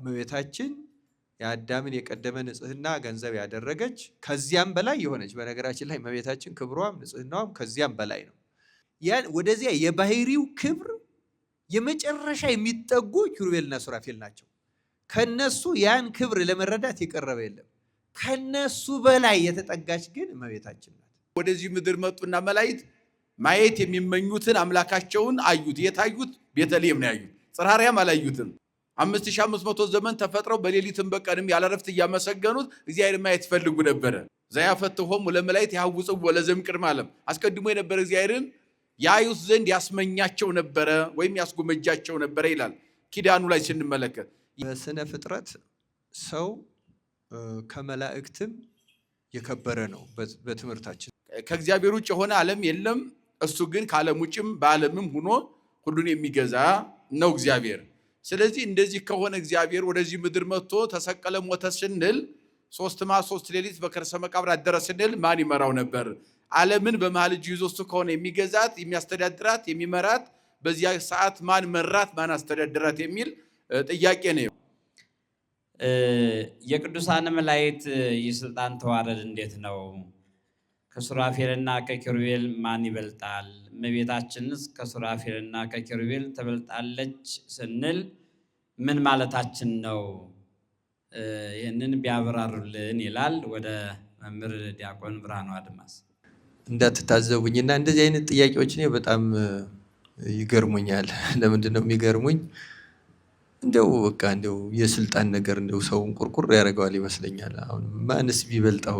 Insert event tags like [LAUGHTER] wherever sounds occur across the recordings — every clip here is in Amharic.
እመቤታችን የአዳምን የቀደመ ንጽህና ገንዘብ ያደረገች ከዚያም በላይ የሆነች በነገራችን ላይ እመቤታችን ክብሯም ንጽህናዋም ከዚያም በላይ ነው። ወደዚያ የባህሪው ክብር የመጨረሻ የሚጠጉ ኪሩቤልና ሱራፌል ናቸው። ከነሱ ያን ክብር ለመረዳት የቀረበ የለም። ከነሱ በላይ የተጠጋች ግን እመቤታችን ናት። ወደዚህ ምድር መጡና መላይት ማየት የሚመኙትን አምላካቸውን አዩት። የታዩት ቤተልሔም ነው ያዩት። ጽርሐ አርያም አላዩትም። አምስት ሺህ አምስት መቶ ዘመን ተፈጥረው በሌሊትም በቀንም ያለረፍት እያመሰገኑት እግዚአብሔር ማየት ፈልጉ ነበረ። ፈትሆም ለመላይት ያውጽዎ ወለዘም ቅድመ ዓለም አስቀድሞ የነበረ እግዚአብሔርን ያዩት ዘንድ ያስመኛቸው ነበረ ወይም ያስጎመጃቸው ነበረ ይላል። ኪዳኑ ላይ ስንመለከት በስነ ፍጥረት ሰው ከመላእክትም የከበረ ነው። በትምህርታችን ከእግዚአብሔር ውጭ የሆነ ዓለም የለም። እሱ ግን ከዓለም ውጭም በዓለምም ሆኖ ሁሉን የሚገዛ ነው እግዚአብሔር ስለዚህ እንደዚህ ከሆነ እግዚአብሔር ወደዚህ ምድር መጥቶ ተሰቀለ፣ ሞተ ስንል ሶስት ማ ሶስት ሌሊት በከርሰ መቃብር አደረ ስንል ማን ይመራው ነበር? ዓለምን በመሃል እጁ ይዞ እሱ ከሆነ የሚገዛት የሚያስተዳድራት የሚመራት በዚያ ሰዓት ማን መራት ማን አስተዳድራት የሚል ጥያቄ ነው። የቅዱሳን መላእክት የስልጣን ተዋረድ እንዴት ነው? ከሱራፌልና ከኪሩቤል ማን ይበልጣል? እመቤታችንስ ከሱራፌልና ከኪሩቤል ትበልጣለች ስንል ምን ማለታችን ነው? ይህንን ቢያብራሩልን ይላል። ወደ መምህር ዲያቆን ብርሃኑ አድማስ። እንዳትታዘቡኝ እና እንደዚህ አይነት ጥያቄዎች እኔ በጣም ይገርሙኛል። [LAUGHS] ለምንድን ነው የሚገርሙኝ? እንደው በቃ እንደው የስልጣን ነገር እንደው ሰውን ቁርቁር ያደርገዋል ይመስለኛል። አሁን ማንስ ቢበልጣው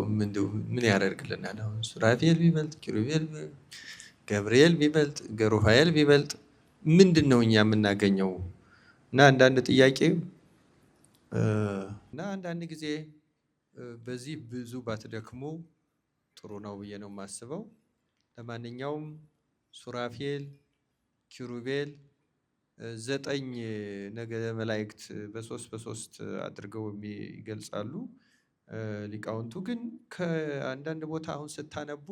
ምን ያደርግልናል? አሁን ሱራፌል ቢበልጥ ኪሩቤል ገብርኤል ቢበልጥ ሩፋኤል ቢበልጥ ምንድን ነው እኛ የምናገኘው? እና አንዳንድ ጥያቄ እና አንዳንድ ጊዜ በዚህ ብዙ ባትደክሙ ጥሩ ነው ብዬ ነው የማስበው። ለማንኛውም ሱራፌል፣ ኪሩቤል ዘጠኝ ነገደ መላእክት በሶስት በሶስት አድርገው ይገልጻሉ ሊቃውንቱ። ግን ከአንዳንድ ቦታ አሁን ስታነቡ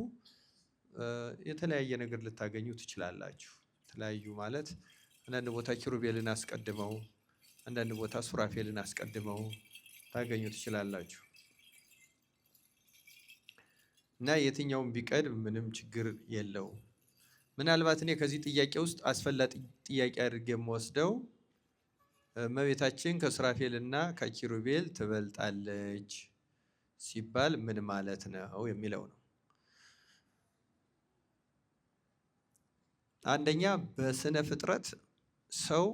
የተለያየ ነገር ልታገኙ ትችላላችሁ። የተለያዩ ማለት አንዳንድ ቦታ ኪሩቤልን አስቀድመው፣ አንዳንድ ቦታ ሱራፌልን አስቀድመው ታገኙ ትችላላችሁ እና የትኛውን ቢቀድም ምንም ችግር የለው። ምናልባት እኔ ከዚህ ጥያቄ ውስጥ አስፈላጊ ጥያቄ አድርጌ የምወስደው እመቤታችን ከሱራፌልና ከኪሩቤል ትበልጣለች ሲባል ምን ማለት ነው የሚለው ነው። አንደኛ በስነ ፍጥረት ሰው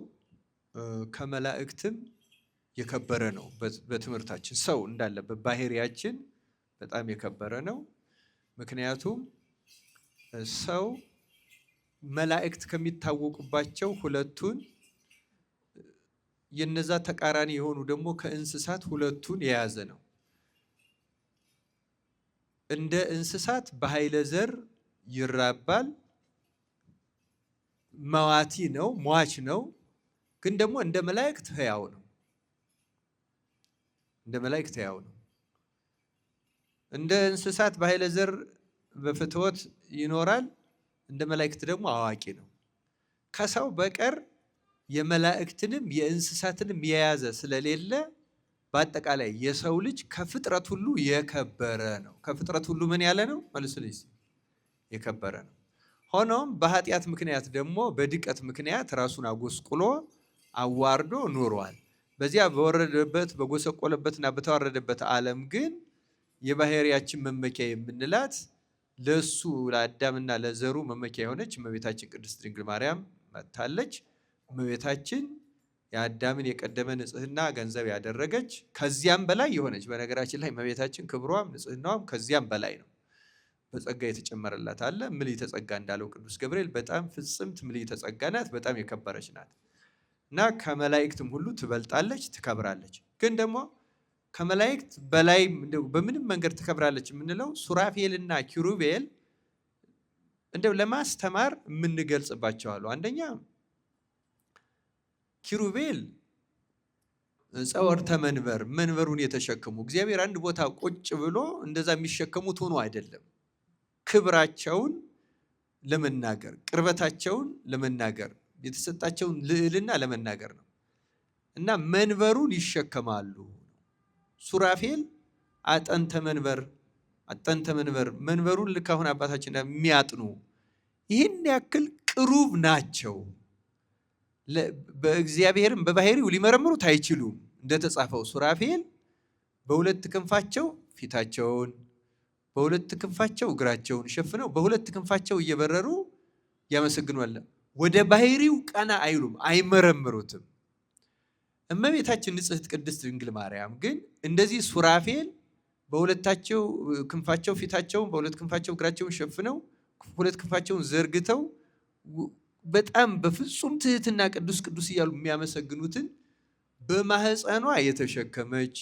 ከመላእክትም የከበረ ነው። በትምህርታችን ሰው እንዳለበት ባህሪያችን በጣም የከበረ ነው። ምክንያቱም ሰው መላእክት ከሚታወቁባቸው ሁለቱን የነዛ ተቃራኒ የሆኑ ደግሞ ከእንስሳት ሁለቱን የያዘ ነው። እንደ እንስሳት በኃይለ ዘር ይራባል። መዋቲ ነው፣ ሟች ነው። ግን ደግሞ እንደ መላእክት ሕያው ነው። እንደ መላእክት ሕያው ነው። እንደ እንስሳት በኃይለ ዘር በፍትወት ይኖራል። እንደ መላእክት ደግሞ አዋቂ ነው። ከሰው በቀር የመላእክትንም የእንስሳትንም የያዘ ስለሌለ በአጠቃላይ የሰው ልጅ ከፍጥረት ሁሉ የከበረ ነው። ከፍጥረት ሁሉ ምን ያለ ነው? ልጅ የከበረ ነው። ሆኖም በኃጢአት ምክንያት ደግሞ በድቀት ምክንያት ራሱን አጎስቁሎ አዋርዶ ኖሯል። በዚያ በወረደበት በጎሰቆለበትና በተዋረደበት ዓለም ግን የባህሪያችን መመኪያ የምንላት ለሱ ለአዳምና ለዘሩ መመኪያ የሆነች እመቤታችን ቅድስት ድንግል ማርያም መታለች። እመቤታችን የአዳምን የቀደመ ንጽህና ገንዘብ ያደረገች ከዚያም በላይ የሆነች በነገራችን ላይ እመቤታችን ክብሯም ንጽህናዋም ከዚያም በላይ ነው። በጸጋ የተጨመረላት አለ። ምልዕተ ጸጋ እንዳለው ቅዱስ ገብርኤል በጣም ፍጽምት ምልዕተ ጸጋ ናት። በጣም የከበረች ናት እና ከመላእክትም ሁሉ ትበልጣለች፣ ትከብራለች። ግን ደግሞ ከመላእክት በላይ በምንም መንገድ ትከብራለች የምንለው ሱራፌልና ኪሩቤል እንደው ለማስተማር የምንገልጽባቸው አሉ። አንደኛ ኪሩቤል ጸወርተ መንበር መንበሩን የተሸከሙ እግዚአብሔር አንድ ቦታ ቁጭ ብሎ እንደዛ የሚሸከሙት ሆኖ አይደለም። ክብራቸውን ለመናገር ቅርበታቸውን ለመናገር የተሰጣቸውን ልዕልና ለመናገር ነው እና መንበሩን ይሸከማሉ። ሱራፌል አጠንተ መንበር አጠንተ መንበር መንበሩን ልክ አሁን አባታችን የሚያጥኑ ይህን ያክል ቅሩብ ናቸው። በእግዚአብሔርም በባህሪው ሊመረምሩት አይችሉም። እንደተጻፈው ሱራፌል በሁለት ክንፋቸው ፊታቸውን በሁለት ክንፋቸው እግራቸውን ሸፍነው በሁለት ክንፋቸው እየበረሩ አለ ወደ ባህሪው ቀና አይሉም፣ አይመረምሩትም። እመቤታችን ንጽሕት ቅድስት ድንግል ማርያም ግን እንደዚህ ሱራፌል በሁለታቸው ክንፋቸው ፊታቸውን በሁለት ክንፋቸው እግራቸውን ሸፍነው ሁለት ክንፋቸውን ዘርግተው በጣም በፍጹም ትህትና ቅዱስ ቅዱስ እያሉ የሚያመሰግኑትን በማህፀኗ የተሸከመች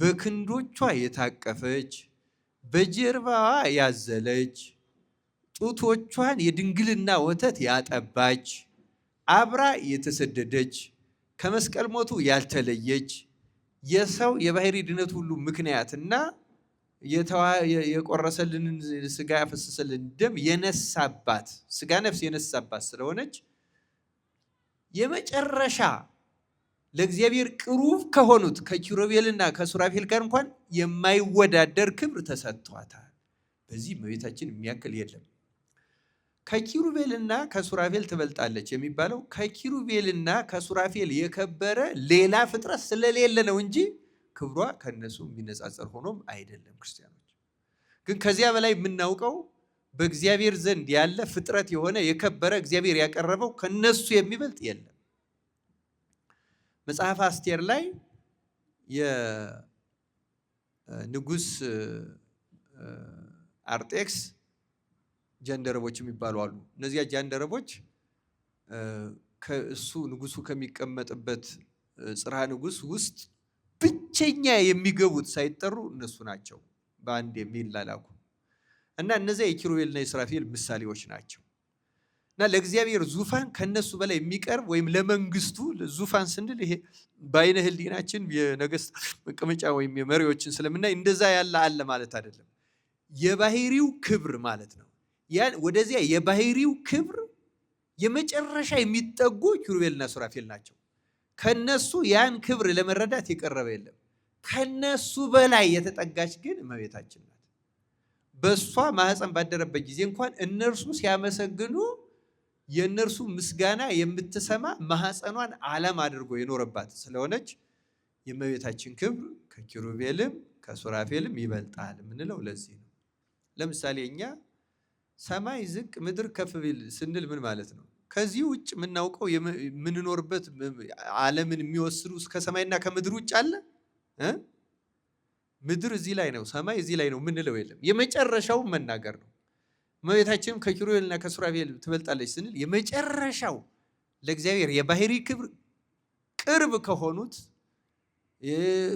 በክንዶቿ የታቀፈች በጀርባዋ ያዘለች ጡቶቿን የድንግልና ወተት ያጠባች አብራ የተሰደደች ከመስቀል ሞቱ ያልተለየች የሰው የባህሪ ድነት ሁሉ ምክንያትና የቆረሰልንን ስጋ ያፈሰሰልን ደም የነሳባት ስጋ ነፍስ የነሳባት ስለሆነች የመጨረሻ ለእግዚአብሔር ቅሩብ ከሆኑት ከኪሩቤልና ከሱራፌል ጋር እንኳን የማይወዳደር ክብር ተሰጥቷታል። በዚህ እመቤታችን የሚያክል የለም። ከኪሩቤልና ከሱራፌል ትበልጣለች የሚባለው ከኪሩቤልና ከሱራፌል የከበረ ሌላ ፍጥረት ስለሌለ ነው እንጂ ክብሯ ከነሱ የሚነጻጸር ሆኖም አይደለም። ክርስቲያኖች ግን ከዚያ በላይ የምናውቀው በእግዚአብሔር ዘንድ ያለ ፍጥረት የሆነ የከበረ እግዚአብሔር ያቀረበው ከነሱ የሚበልጥ የለም። መጽሐፍ አስቴር ላይ የንጉስ አርጤክስ ጃንደረቦች የሚባሉ አሉ። እነዚያ ጃንደረቦች ከእሱ ንጉሱ ከሚቀመጥበት ጽርሃ ንጉስ ውስጥ ብቸኛ የሚገቡት ሳይጠሩ እነሱ ናቸው በአንድ ላላኩ እና እነዚያ የኪሩቤልና የስራፌል ምሳሌዎች ናቸው። እና ለእግዚአብሔር ዙፋን ከነሱ በላይ የሚቀርብ ወይም ለመንግስቱ ዙፋን ስንል ይሄ በአይነ ህሊናችን የነገስት መቀመጫ ወይም የመሪዎችን ስለምናይ እንደዛ ያለ አለ ማለት አይደለም። የባህሪው ክብር ማለት ነው። ወደዚያ የባህሪው ክብር የመጨረሻ የሚጠጉ ኪሩቤልና ሱራፌል ናቸው። ከነሱ ያን ክብር ለመረዳት የቀረበ የለም። ከነሱ በላይ የተጠጋች ግን እመቤታችን ናት። በእሷ ማህፀን ባደረበት ጊዜ እንኳን እነርሱ ሲያመሰግኑ የእነርሱ ምስጋና የምትሰማ ማህጸኗን ዓለም አድርጎ የኖረባት ስለሆነች የእመቤታችን ክብር ከኪሩቤልም ከሱራፌልም ይበልጣል የምንለው ለዚህ ነው። ለምሳሌ እኛ ሰማይ ዝቅ ምድር ከፍ ቢል ስንል ምን ማለት ነው? ከዚህ ውጭ የምናውቀው የምንኖርበት ዓለምን የሚወስዱ እስከ ሰማይና ከምድር ውጭ አለ? ምድር እዚህ ላይ ነው፣ ሰማይ እዚህ ላይ ነው የምንለው የለም። የመጨረሻውን መናገር ነው። እመቤታችንም ከኪሩቤልና ከሱራፌል ትበልጣለች ስንል የመጨረሻው ለእግዚአብሔር የባህሪ ክብር ቅርብ ከሆኑት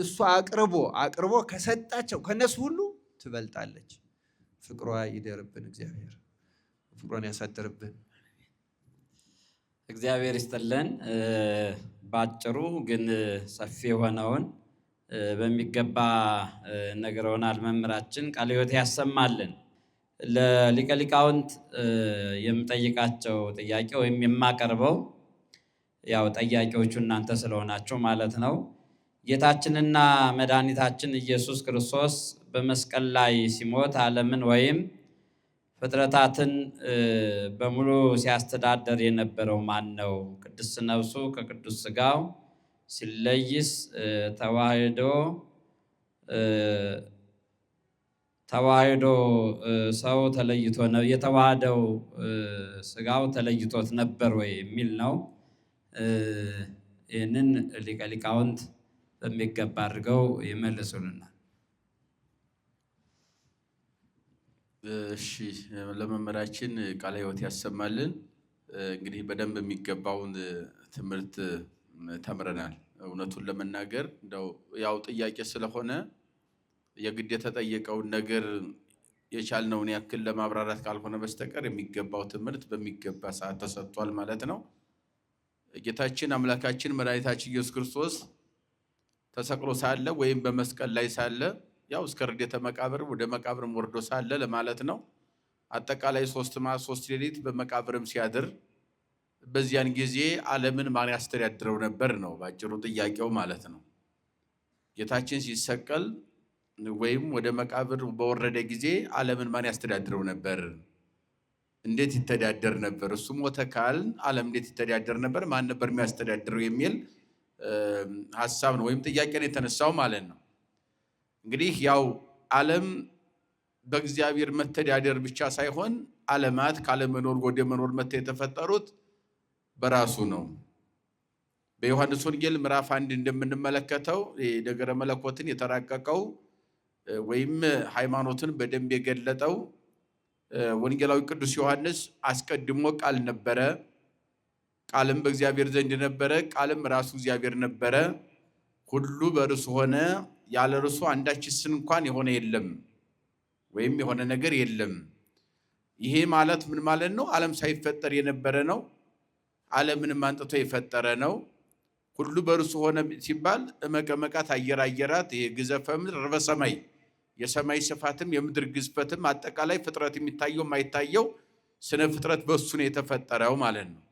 እሱ አቅርቦ አቅርቦ ከሰጣቸው ከነሱ ሁሉ ትበልጣለች። ፍቅሯ ይደርብን። እግዚአብሔር ፍቅሯን ያሳድርብን። እግዚአብሔር ይስጥልን። በአጭሩ ግን ሰፊ የሆነውን በሚገባ ነግረውናል መምህራችን። ቃለ ሕይወት ያሰማልን። ለሊቀሊቃውንት የምጠይቃቸው ጥያቄ ወይም የማቀርበው ያው ጠያቂዎቹ እናንተ ስለሆናችሁ ማለት ነው። ጌታችንና መድኃኒታችን ኢየሱስ ክርስቶስ በመስቀል ላይ ሲሞት ዓለምን ወይም ፍጥረታትን በሙሉ ሲያስተዳደር የነበረው ማን ነው? ቅዱስ ነፍሱ ከቅዱስ ስጋው ሲለይስ ተዋህዶ ተዋህዶ ሰው ተለይቶ የተዋህደው ስጋው ተለይቶት ነበር ወይ የሚል ነው። ይህንን ሊቀ ሊቃውንት በሚገባ አድርገው ይመልሱልናል። እሺ ለመምህራችን ቃለ ሕይወት ያሰማልን። እንግዲህ በደንብ የሚገባውን ትምህርት ተምረናል። እውነቱን ለመናገር እንደው ያው ጥያቄ ስለሆነ የግድ የተጠየቀውን ነገር የቻልነውን ያክል ለማብራራት ካልሆነ በስተቀር የሚገባው ትምህርት በሚገባ ሰዓት ተሰጥቷል ማለት ነው። ጌታችን አምላካችን መድኃኒታችን ኢየሱስ ክርስቶስ ተሰቅሎ ሳለ ወይም በመስቀል ላይ ሳለ ያው እስከ ርዴተ መቃብር ወደ መቃብርም ወርዶ ሳለ ለማለት ነው። አጠቃላይ ሶስት ማ ሶስት ሌሊት በመቃብርም ሲያድር በዚያን ጊዜ ዓለምን ማን ያስተዳድረው ነበር ነው ባጭሩ ጥያቄው ማለት ነው። ጌታችን ሲሰቀል ወይም ወደ መቃብር በወረደ ጊዜ ዓለምን ማን ያስተዳድረው ነበር? እንዴት ይተዳደር ነበር? እሱ ሞተ ካል ዓለም እንዴት ይተዳደር ነበር? ማን ነበር የሚያስተዳድረው የሚል ሀሳብ ነው ወይም ጥያቄ ነው የተነሳው ማለት ነው። እንግዲህ ያው ዓለም በእግዚአብሔር መተዳደር ብቻ ሳይሆን ዓለማት ካለመኖር ወደ መኖር መጥተው የተፈጠሩት በራሱ ነው። በዮሐንስ ወንጌል ምዕራፍ አንድ እንደምንመለከተው ነገረ መለኮትን የተራቀቀው ወይም ሃይማኖትን በደንብ የገለጠው ወንጌላዊ ቅዱስ ዮሐንስ አስቀድሞ ቃል ነበረ፣ ቃልም በእግዚአብሔር ዘንድ ነበረ፣ ቃልም ራሱ እግዚአብሔር ነበረ። ሁሉ በእርሱ ሆነ፣ ያለ እርሱ አንዳችስ እንኳን የሆነ የለም ወይም የሆነ ነገር የለም። ይሄ ማለት ምን ማለት ነው? ዓለም ሳይፈጠር የነበረ ነው። ዓለምንም አንጥቶ የፈጠረ ነው። ሁሉ በእርሱ ሆነ ሲባል እመቀመቃት አየር አየራት ይሄ ግዘፈ ምድር ርበ ሰማይ የሰማይ ስፋትም የምድር ግዝፈትም አጠቃላይ ፍጥረት የሚታየው የማይታየው ስነ ፍጥረት በሱ ነው የተፈጠረው ማለት ነው።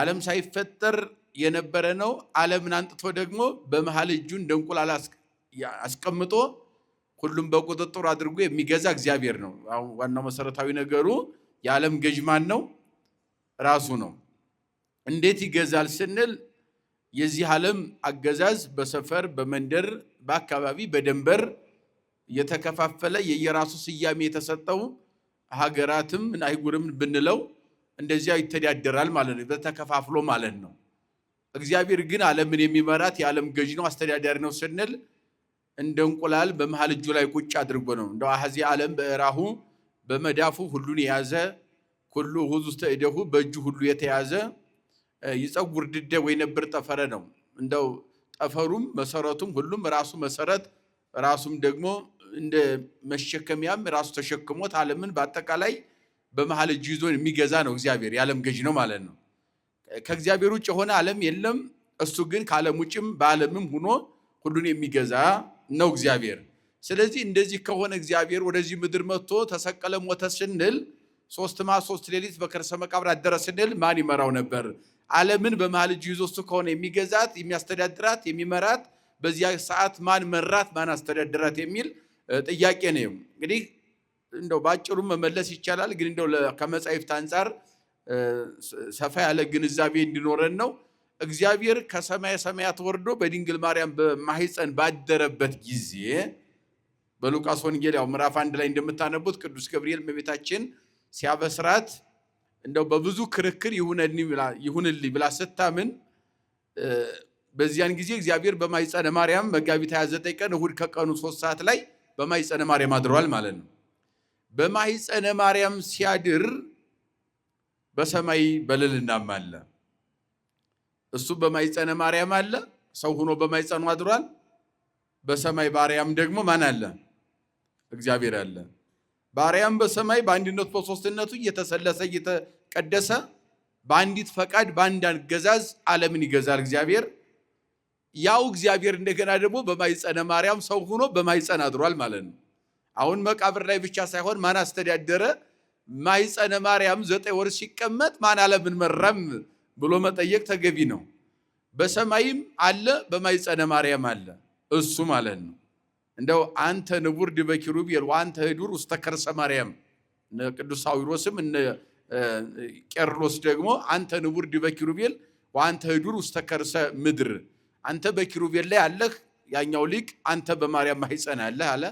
ዓለም ሳይፈጠር የነበረ ነው። ዓለምን አንጥቶ ደግሞ በመሀል እጁን እንደ እንቁላል አስቀምጦ ሁሉም በቁጥጥሩ አድርጎ የሚገዛ እግዚአብሔር ነው። ዋናው መሰረታዊ ነገሩ የዓለም ገዥ ማን ነው? ራሱ ነው። እንዴት ይገዛል ስንል የዚህ ዓለም አገዛዝ በሰፈር፣ በመንደር፣ በአካባቢ፣ በደንበር የተከፋፈለ የየራሱ ስያሜ የተሰጠው ሀገራትም አይጉርም ብንለው እንደዚያ ይተዳደራል ማለት ነው፣ በተከፋፍሎ ማለት ነው። እግዚአብሔር ግን ዓለምን የሚመራት የዓለም ገዥ ነው፣ አስተዳዳሪ ነው ስንል እንደ እንቁላል በመሀል እጁ ላይ ቁጭ አድርጎ ነው። እንደ አህዚ ዓለም በእራሁ በመዳፉ ሁሉን የያዘ ሁሉ ሁዙ ተእደሁ በእጁ ሁሉ የተያዘ ይፀጉር ድደ ወይ ነብር ጠፈረ ነው። እንደው ጠፈሩም መሰረቱም ሁሉም ራሱ መሰረት ራሱም ደግሞ እንደ መሸከሚያም ራሱ ተሸክሞት ዓለምን በአጠቃላይ በመሀል እጁ ይዞ የሚገዛ ነው። እግዚአብሔር የዓለም ገዥ ነው ማለት ነው። ከእግዚአብሔር ውጭ የሆነ ዓለም የለም። እሱ ግን ከዓለም ውጭም በዓለምም ሆኖ ሁሉን የሚገዛ ነው እግዚአብሔር። ስለዚህ እንደዚህ ከሆነ እግዚአብሔር ወደዚህ ምድር መጥቶ ተሰቀለ፣ ሞተ ስንል ሶስት መዓልት ሶስት ሌሊት በከርሰ መቃብር አደረ ስንል ማን ይመራው ነበር? ዓለምን በመሃል እጁ ይዞ እሱ ከሆነ የሚገዛት የሚያስተዳድራት፣ የሚመራት በዚያ ሰዓት ማን መራት ማን አስተዳድራት የሚል ጥያቄ ነው። እንግዲህ እንደው በአጭሩ መመለስ ይቻላል፣ ግን እንደው ከመጻሕፍት አንጻር ሰፋ ያለ ግንዛቤ እንዲኖረን ነው። እግዚአብሔር ከሰማይ ሰማያት ወርዶ በድንግል ማርያም በማህፀን ባደረበት ጊዜ በሉቃስ ወንጌል ያው ምዕራፍ አንድ ላይ እንደምታነቡት ቅዱስ ገብርኤል መቤታችን ሲያበስራት እንደው በብዙ ክርክር ይሁንልኝ ብላ ስታምን በዚያን ጊዜ እግዚአብሔር በማህፀነ ማርያም መጋቢት 29 ቀን እሁድ ከቀኑ ሶስት ሰዓት ላይ በማይፀነ ማርያም አድሯል ማለት ነው። በማይፀነ ማርያም ሲያድር በሰማይ በልልና አለ። እሱ በማይፀነ ማርያም አለ፣ ሰው ሆኖ በማይፀኑ አድሯል። በሰማይ ባርያም ደግሞ ማን አለ? እግዚአብሔር አለ። ባርያም በሰማይ በአንድነቱ በሶስትነቱ እየተሰለሰ እየተቀደሰ በአንዲት ፈቃድ በአንድ አገዛዝ ዓለምን ይገዛል እግዚአብሔር ያው እግዚአብሔር እንደገና ደግሞ በማይጸነ ማርያም ሰው ሆኖ በማይጸን አድሯል ማለት ነው። አሁን መቃብር ላይ ብቻ ሳይሆን ማን አስተዳደረ ማይጸነ ማርያም ዘጠኝ ወር ሲቀመጥ ማን አለምን መረም ብሎ መጠየቅ ተገቢ ነው። በሰማይም አለ በማይጸነ ማርያም አለ እሱ ማለት ነው። እንደው አንተ ንቡር ዲበ ኪሩቤል ወአንተ ህዱር ውስተ ከርሰ ማርያም ቅዱስ አዊሮስም እነ ቄርሎስ ደግሞ አንተ ንቡር ዲበ ኪሩቤል ወአንተ ህዱር ውስተ ከርሰ ምድር አንተ በኪሩቤል ላይ አለህ። ያኛው ሊቅ አንተ በማርያም ማህፀን አለህ አለ።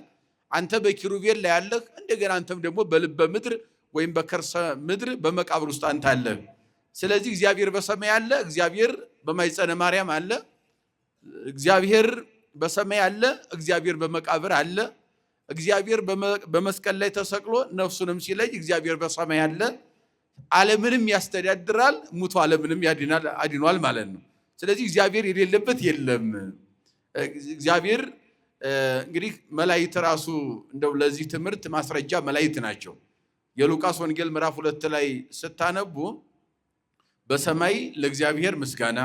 አንተ በኪሩቤል ላይ አለህ። እንደገና አንተም ደግሞ በልበ ምድር ወይም በከርሰ ምድር በመቃብር ውስጥ አንተ አለህ። ስለዚህ እግዚአብሔር በሰማይ አለ፣ እግዚአብሔር በማይፀነ ማርያም አለ፣ እግዚአብሔር በሰማይ አለ፣ እግዚአብሔር በመቃብር አለ። እግዚአብሔር በመስቀል ላይ ተሰቅሎ ነፍሱንም ሲለይ እግዚአብሔር በሰማይ አለ። ዓለምንም ያስተዳድራል፣ ሙቶ ዓለምንም አድኗል ማለት ነው። ስለዚህ እግዚአብሔር የሌለበት የለም። እግዚአብሔር እንግዲህ መላይት ራሱ እንደው ለዚህ ትምህርት ማስረጃ መላይት ናቸው። የሉቃስ ወንጌል ምዕራፍ ሁለት ላይ ስታነቡ በሰማይ ለእግዚአብሔር ምስጋና፣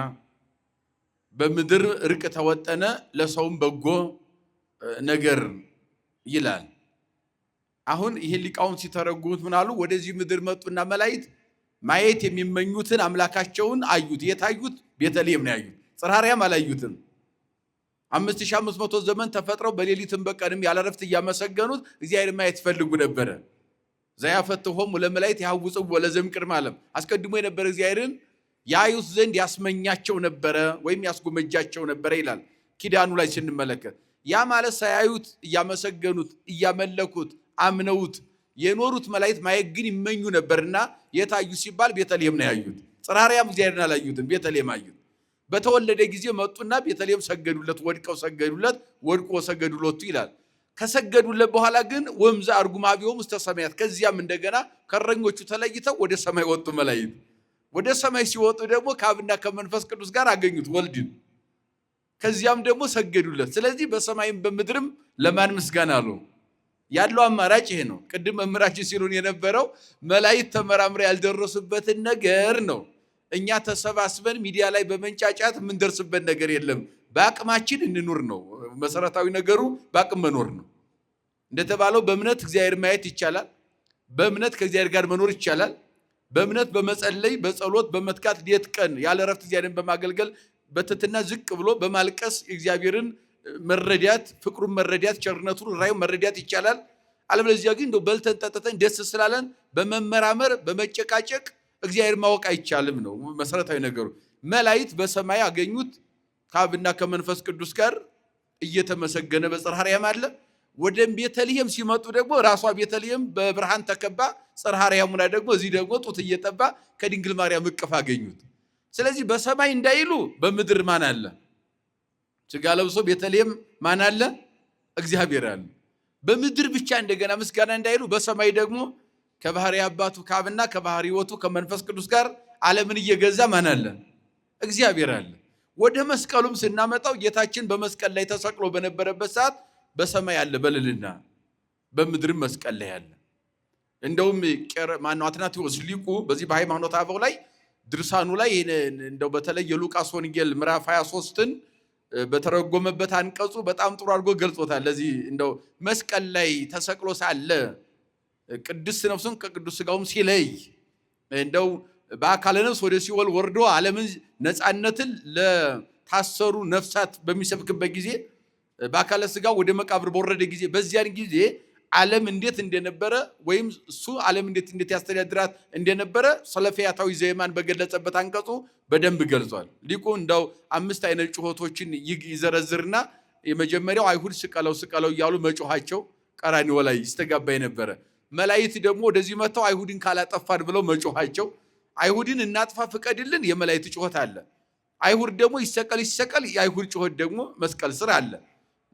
በምድር እርቅ ተወጠነ፣ ለሰውም በጎ ነገር ይላል። አሁን ይሄ ሊቃውንት ሲተረጉሙት ምናሉ ወደዚህ ምድር መጡና መላይት ማየት የሚመኙትን አምላካቸውን አዩት። የታዩት ቤተልሔም ነው ያዩት። ጽራሪያም አላዩትም። አምስት ሺህ አምስት መቶ ዘመን ተፈጥረው በሌሊትም በቀንም ያለረፍት እያመሰገኑት እግዚአብሔር ማየት ይፈልጉ ነበረ። ዘያፈትሆሙ ለመላእክት ወለዘም ለዘእምቅድመ ዓለም አስቀድሞ የነበረ እግዚአብሔርን ያዩት ዘንድ ያስመኛቸው ነበረ ወይም ያስጎመጃቸው ነበረ ይላል ኪዳኑ ላይ ስንመለከት ያ ማለት ሳያዩት እያመሰገኑት እያመለኩት አምነውት የኖሩት መላእክት ማየት ግን ይመኙ ነበርና የታዩ ሲባል ቤተልሔም ነው ያዩት። ጽራሪያም እግዚአብሔርን አላዩትም፣ ቤተልሔም አዩት። በተወለደ ጊዜ መጡና ቤተልሔም ሰገዱለት፣ ወድቀው ሰገዱለት፣ ወድቆ ሰገዱለቱ ይላል። ከሰገዱለት በኋላ ግን ወምዘ አርጉማቢሆም እስተ ሰማያት፣ ከዚያም እንደገና ከረኞቹ ተለይተው ወደ ሰማይ ወጡ መላእክት። ወደ ሰማይ ሲወጡ ደግሞ ከአብና ከመንፈስ ቅዱስ ጋር አገኙት ወልድን። ከዚያም ደግሞ ሰገዱለት። ስለዚህ በሰማይም በምድርም ለማን ምስጋና አለው? ያለው አማራጭ ይሄ ነው። ቅድም መምህራችን ሲሉን የነበረው መላእክት ተመራምረው ያልደረሱበትን ነገር ነው። እኛ ተሰባስበን ሚዲያ ላይ በመንጫጫት የምንደርስበት ነገር የለም። በአቅማችን እንኑር ነው መሰረታዊ ነገሩ፣ በአቅም መኖር ነው። እንደተባለው በእምነት እግዚአብሔር ማየት ይቻላል። በእምነት ከእግዚአብሔር ጋር መኖር ይቻላል። በእምነት በመጸለይ በጸሎት በመትጋት ሌት ቀን ያለ እረፍት እግዚአብሔርን በማገልገል በትህትና ዝቅ ብሎ በማልቀስ እግዚአብሔርን መረዳት ፍቅሩን መረዳት ቸርነቱን ራዩን መረዳት ይቻላል። አለበለዚያ ግን እንደው በልተን ጠጥተን ደስ ስላለን በመመራመር በመጨቃጨቅ እግዚአብሔር ማወቅ አይቻልም ነው መሰረታዊ ነገሩ። መላይት በሰማይ አገኙት ከአብና ከመንፈስ ቅዱስ ጋር እየተመሰገነ በጽርሐ አርያም አለ። ወደ ቤተልሔም ሲመጡ ደግሞ ራሷ ቤተልሔም በብርሃን ተከባ፣ ጽርሐ አርያሙ ላይ ደግሞ እዚህ ደግሞ ጡት እየጠባ ከድንግል ማርያም እቅፍ አገኙት። ስለዚህ በሰማይ እንዳይሉ በምድር ማን አለ? ስጋ ለብሶ ቤተልሔም ማን አለ? እግዚአብሔር አለ። በምድር ብቻ እንደገና ምስጋና እንዳይሉ በሰማይ ደግሞ ከባህሪ አባቱ ከአብና ከባህሪ ሕይወቱ ከመንፈስ ቅዱስ ጋር ዓለምን እየገዛ ማን አለ? እግዚአብሔር አለ። ወደ መስቀሉም ስናመጣው ጌታችን በመስቀል ላይ ተሰቅሎ በነበረበት ሰዓት በሰማይ አለ በልልና በምድርም መስቀል ላይ አለ። እንደውም ማነው አትናቴዎስ ሊቁ በዚህ በሃይማኖት አበው ላይ ድርሳኑ ላይ እንደው በተለይ የሉቃስ ወንጌል ምዕራፍ 23ን በተረጎመበት አንቀጹ በጣም ጥሩ አድርጎ ገልጾታል። ለዚህ እንደው መስቀል ላይ ተሰቅሎ ሳለ ቅድስት ነፍሱን ከቅዱስ ስጋውም ሲለይ እንደው በአካለ ነፍስ ወደ ሲወል ወርዶ ዓለምን ነፃነትን ለታሰሩ ነፍሳት በሚሰብክበት ጊዜ በአካለ ስጋ ወደ መቃብር በወረደ ጊዜ በዚያን ጊዜ ዓለም እንዴት እንደነበረ ወይም እሱ ዓለም እንዴት እንዴት ያስተዳድራት እንደነበረ ሰለፊያታዊ ዘይማን በገለጸበት አንቀጹ በደንብ ገልጿል። ሊቁ እንዳው አምስት አይነት ጩኸቶችን ይዘረዝርና የመጀመሪያው አይሁድ ስቀለው ስቀለው እያሉ መጮኋቸው ቀራኒ ላይ ይስተጋባ የነበረ፣ መላይት ደግሞ ወደዚህ መጥተው አይሁድን ካላጠፋን ብለው መጮኋቸው፣ አይሁድን እናጥፋ ፍቀድልን የመላይት ጩኸት አለ። አይሁድ ደግሞ ይሰቀል ይሰቀል የአይሁድ ጩኸት ደግሞ መስቀል ስር አለ።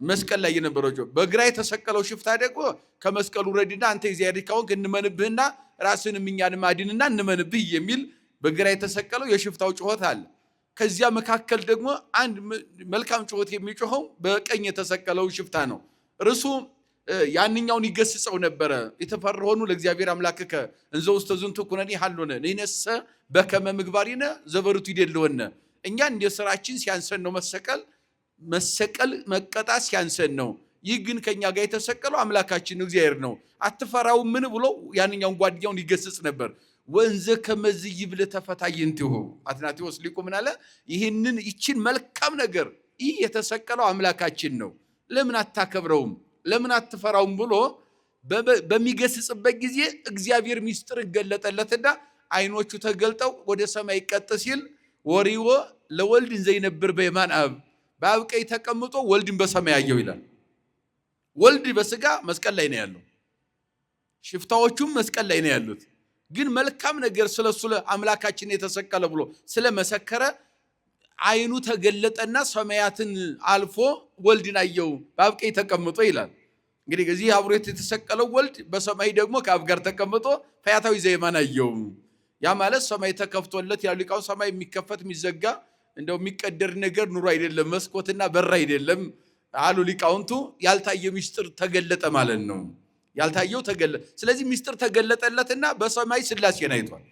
መስቀል ላይ የነበረው ጆ በግራ የተሰቀለው ሽፍታ ደግሞ ከመስቀሉ ረድና አንተ የእግዚአብሔር ልጅ ከሆንክ እንመንብህና ራስንም እኛንም አድንና እንመንብህ የሚል በግራ የተሰቀለው የሽፍታው ጩኸት አለ። ከዚያ መካከል ደግሞ አንድ መልካም ጩኸት የሚጮኸው በቀኝ የተሰቀለው ሽፍታ ነው። እርሱ ያንኛውን ይገስጸው ነበረ። የተፈርሆኑ ለእግዚአብሔር አምላክከ እንዘ ውስተ ዝንቱ ኩነኒ ሃሎነ ንሕነሰ በከመ ምግባሪነ ዘበርቱ ይደልወነ። እኛ እንደ ስራችን ሲያንሰን ነው መሰቀል መሰቀል መቀጣት ሲያንሰን ነው። ይህ ግን ከኛ ጋር የተሰቀለው አምላካችን እግዚአብሔር ነው። አትፈራው ምን ብሎ ያንኛውን ጓደኛውን ይገስጽ ነበር። ወንዘ ከመዝ ይብል ተፈታይንትሁ አትናቴዎስ ሊቁ ምን አለ? ይህንን ይችን መልካም ነገር ይህ የተሰቀለው አምላካችን ነው፣ ለምን አታከብረውም? ለምን አትፈራውም? ብሎ በሚገስጽበት ጊዜ እግዚአብሔር ሚስጥር ገለጠለትና አይኖቹ ተገልጠው ወደ ሰማይ ቀጥ ሲል ወሪዎ ለወልድ እንዘ በየማን አብ በአብ ቀኝ ተቀምጦ ወልድን በሰማይ አየው ይላል። ወልድ በስጋ መስቀል ላይ ነው ያለው። ሽፍታዎቹም መስቀል ላይ ነው ያሉት። ግን መልካም ነገር ስለ እሱ አምላካችን የተሰቀለ ብሎ ስለመሰከረ አይኑ ተገለጠና ሰማያትን አልፎ ወልድን አየው በአብ ቀኝ ተቀምጦ ይላል። እንግዲህ እዚህ አብሮት የተሰቀለው ወልድ በሰማይ ደግሞ ከአብ ጋር ተቀምጦ ፈያታዊ ዘየማን አየው። ያ ማለት ሰማይ ተከፍቶለት ያሉ ቃው ሰማይ የሚከፈት የሚዘጋ እንደው የሚቀደር ነገር ኑሮ አይደለም፣ መስኮትና በር አይደለም አሉ ሊቃውንቱ። ያልታየ ሚስጥር ተገለጠ ማለት ነው። ያልታየው ተገለጠ። ስለዚህ ሚስጥር ተገለጠለትና በሰማይ ስላሴን አይቷል።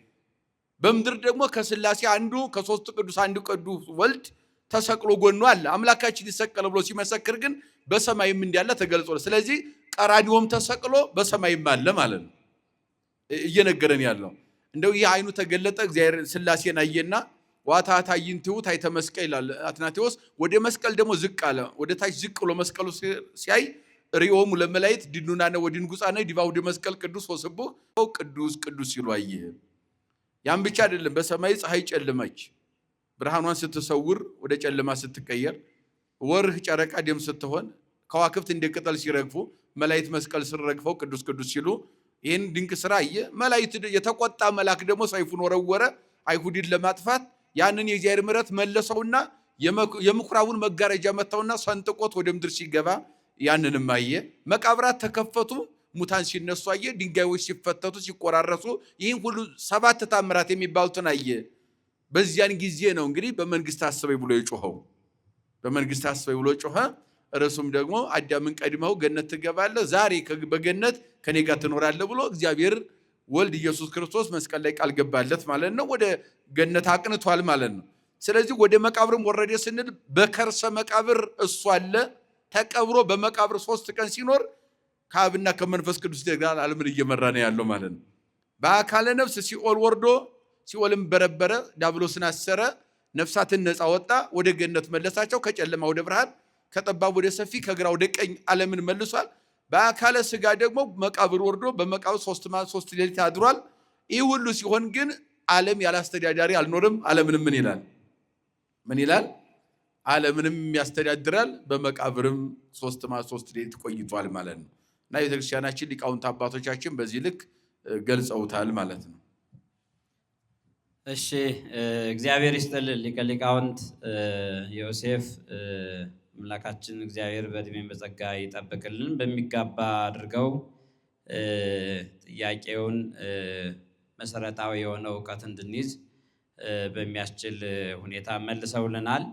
በምድር ደግሞ ከስላሴ አንዱ ከሶስቱ ቅዱስ አንዱ ቅዱስ ወልድ ተሰቅሎ ጎኖ አለ። አምላካችን ይሰቀለ ብሎ ሲመሰክር ግን በሰማይም እንዲያለ ተገልጿል። ስለዚህ ቀራኒዎም ተሰቅሎ በሰማይም አለ ማለት ነው እየነገረን ያለው። እንደው ይህ አይኑ ተገለጠ፣ እግዚአብሔር ስላሴን አየና ዋታ ታይንቲው ታይተ መስቀል ይላል አትናቴዎስ። ወደ መስቀል ደግሞ ዝቅ አለ። ወደ ታች ዝቅ ብሎ መስቀሉ ሲያይ ሪኦሙ ለመላይት ድኑናነ ወድንጉፃነ ዲባው መስቀል ቅዱስ ወስቡህ ቅዱስ ቅዱስ ሲሉ አየ። ያን ብቻ አይደለም፣ በሰማይ ፀሐይ ጨለመች፣ ብርሃኗን ስትሰውር ወደ ጨለማ ስትቀየር፣ ወርህ ጨረቃ ደም ስትሆን፣ ከዋክብት እንደ ቅጠል ሲረግፉ፣ መላይት መስቀል ስረግፈው ቅዱስ ቅዱስ ሲሉ ይህን ድንቅ ስራ አየ። መላእክት የተቆጣ መልአክ ደግሞ ሰይፉን ወረወረ አይሁድን ለማጥፋት ያንን የእግዚአብሔር ምረት መለሰውና የምኩራቡን መጋረጃ መታውና ሰንጥቆት ወደ ምድር ሲገባ ያንንም አየ። መቃብራት ተከፈቱ፣ ሙታን ሲነሱ አየ። ድንጋዮች ሲፈተቱ ሲቆራረሱ፣ ይህን ሁሉ ሰባት ታምራት የሚባሉትን አየ። በዚያን ጊዜ ነው እንግዲህ በመንግስት አስበኝ ብሎ የጮኸው። በመንግስት አስበኝ ብሎ ጮኸ። እርሱም ደግሞ አዳምን ቀድመው ገነት ትገባለህ፣ ዛሬ በገነት ከኔ ጋር ትኖራለህ ብሎ እግዚአብሔር ወልድ ኢየሱስ ክርስቶስ መስቀል ላይ ቃል ገባለት ማለት ነው። ወደ ገነት አቅንቷል ማለት ነው። ስለዚህ ወደ መቃብርም ወረደ ስንል በከርሰ መቃብር እሱ አለ ተቀብሮ በመቃብር ሶስት ቀን ሲኖር ከአብና ከመንፈስ ቅዱስ ጋር ዓለምን እየመራ ነው ያለው ማለት ነው። በአካለ ነፍስ ሲኦል ወርዶ ሲኦልም በረበረ፣ ዳብሎስን አሰረ፣ ነፍሳትን ነፃ ወጣ፣ ወደ ገነት መለሳቸው። ከጨለማ ወደ ብርሃን፣ ከጠባብ ወደ ሰፊ፣ ከግራ ወደ ቀኝ ዓለምን መልሷል። በአካለ ስጋ ደግሞ መቃብር ወርዶ በመቃብር ሶስት ማ ሶስት ሌሊት አድሯል። ይህ ሁሉ ሲሆን ግን ዓለም ያለ አስተዳዳሪ አልኖርም። ዓለምንም ምን ይላል? ምን ይላል? ዓለምንም ያስተዳድራል። በመቃብርም ሶስት ማ ሶስት ሌሊት ቆይቷል ማለት ነው። እና ቤተክርስቲያናችን ሊቃውንት አባቶቻችን በዚህ ልክ ገልጸውታል ማለት ነው። እሺ፣ እግዚአብሔር ይስጥልን ሊቀ ሊቃውንት ዮሴፍ አምላካችን እግዚአብሔር በእድሜን በጸጋ ይጠብቅልን። በሚጋባ አድርገው ጥያቄውን መሰረታዊ የሆነ እውቀት እንድንይዝ በሚያስችል ሁኔታ መልሰውልናል።